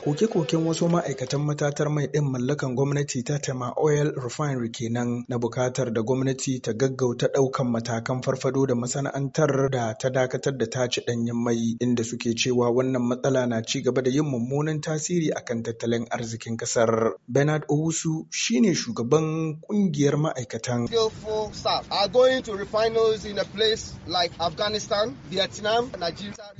Koke-koken wasu ma'aikatan matatar mai ɗin mallakan gwamnati ta Tema Oil Refinery kenan na bukatar da gwamnati ta gaggauta ɗaukan matakan farfado da masana'antar da ta dakatar da taci ɗanyen mai inda suke cewa wannan matsala na ci gaba da yin mummunan tasiri akan tattalin arzikin ƙasar. Bernard Owusu shine shugaban ƙungiyar ma'aikatan.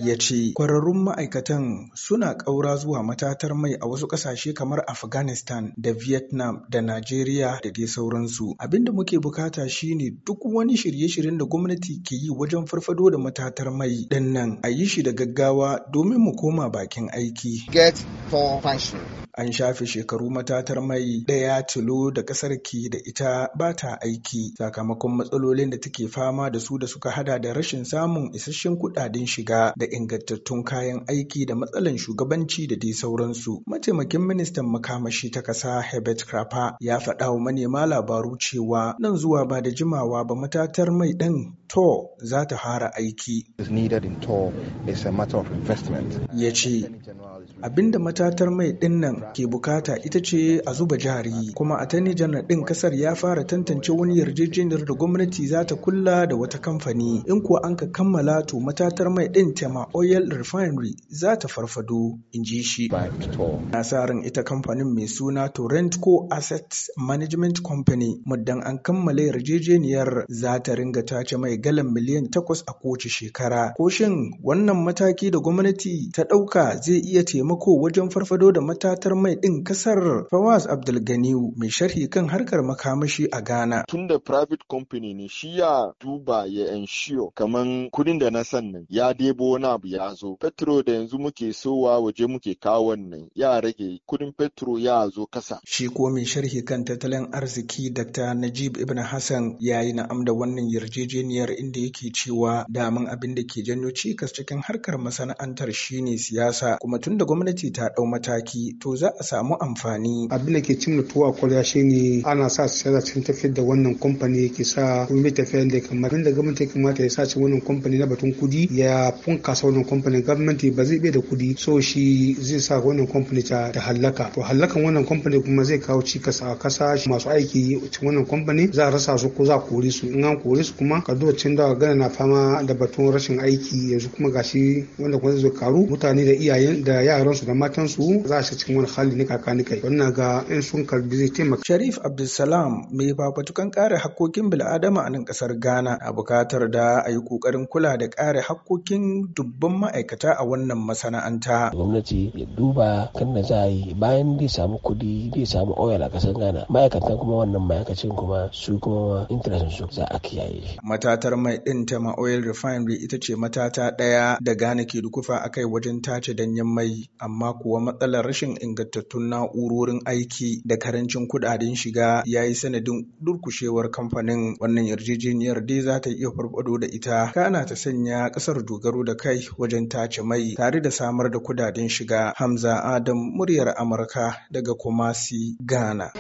Ya ce, kwararrun ma'aikatan suna ƙaura zuwa mata matatar mai a wasu ƙasashe kamar Afghanistan da Vietnam da Najeriya da dai sauransu. Abin da muke bukata shine duk wani shirye-shiryen da gwamnati ke yi wajen farfado da matatar mai ɗin nan a yi shi da gaggawa domin mu koma bakin aiki. Get for fashion. An shafe shekaru matatar mai ɗaya tilo da ƙasar ki da ita ba ta aiki sakamakon matsalolin da take fama da su da suka hada da rashin samun isasshen kuɗaɗen shiga da ingantattun kayan aiki da matsalan shugabanci da dai sauransu. Mataimakin ministan makamashi ta ƙasa Herbert Krapa ya faɗa wa manema labaru cewa nan zuwa ba da jimawa ba matatar mai ɗin to za ta fara aiki. Ya ce abinda matatar mai ɗinnan ke bukata ita ce a zuba jari kuma a tani din kasar ya fara tantance wani yarjejeniyar da gwamnati za ta kulla da wata kamfani in kuwa an ka kammala to matatar mai ɗin tema oil refinery za ta farfado in ji shi nasarar ita kamfanin mai suna torrentco asset management company muddan an kammala yarjejeniyar za ta ringa tace mai galan miliyan takwas a kowace shekara ko shin wannan mataki da gwamnati ta ɗauka zai iya taimako wajen farfado da matatar mai ɗin kasar Fawaz Abdulganiyu mai sharhi kan harkar makamashi a Ghana. Tun da private company ne shi ya duba ya ensure kamar kudin da na san nan ya debo wani abu ya zo. Petro da yanzu muke sowa waje muke kawo wannan ya rage kudin petro ya zo kasa. Shi ko mai sharhi kan tattalin arziki Dr. Najib Ibn Hassan ya yi na'am da wannan yarjejeniyar inda yake cewa daman abin da ke janyo cikas cikin harkar masana'antar shine siyasa kuma tun da gwamnati ta ɗau mataki to za a samu amfani. Abin da ke cin mutuwa kwarya shine ana sa siyasa cikin tafiyar da wannan kamfani ke sa kuma tafiyar da kamar da gwamnati kamata ya sa cikin wannan kamfani na batun kudi ya funkasa wannan kamfani gwamnati ba zai bai da kudi so shi zai sa wannan kamfani ta da hallaka to hallakan wannan kamfani kuma zai kawo cikas a kasa masu aiki cikin wannan kamfani za a rasa su ko za a kori su in an kori su kuma ka duba cin da gana na fama da batun rashin aiki yanzu kuma gashi wanda kuma zai karu mutane da iyayen da yaransu da matansu za a shiga cikin wani hali ne kakani kai wannan ga in sun karbi zai taimaka. Sharif Abdulsalam mai fafatukan kare hakkokin bil'adama a nan kasar Ghana a bukatar da a yi kokarin kula da kare hakkokin dubban ma'aikata a wannan masana'anta. Gwamnati ya duba kan da za a yi bayan bai samu kuɗi bai samu oil a kasar Ghana ma'aikata kuma wannan ma'aikacin kuma su kuma interest su za a kiyaye. Matatar mai ɗin ta ma oil refinery ita ce matata ɗaya da gane ke dukufa akai wajen tace danyen mai amma kuwa matsalar rashin ingantattun na'urorin aiki da karancin kudaden shiga ya yi sanadin durkushewar kamfanin wannan yarjejeniyar dai za ta iya farfado da ita kana ta sanya ƙasar dogaro da kai wajen tace mai tare da samar da kudaden shiga hamza adam muryar amurka daga kumasi ghana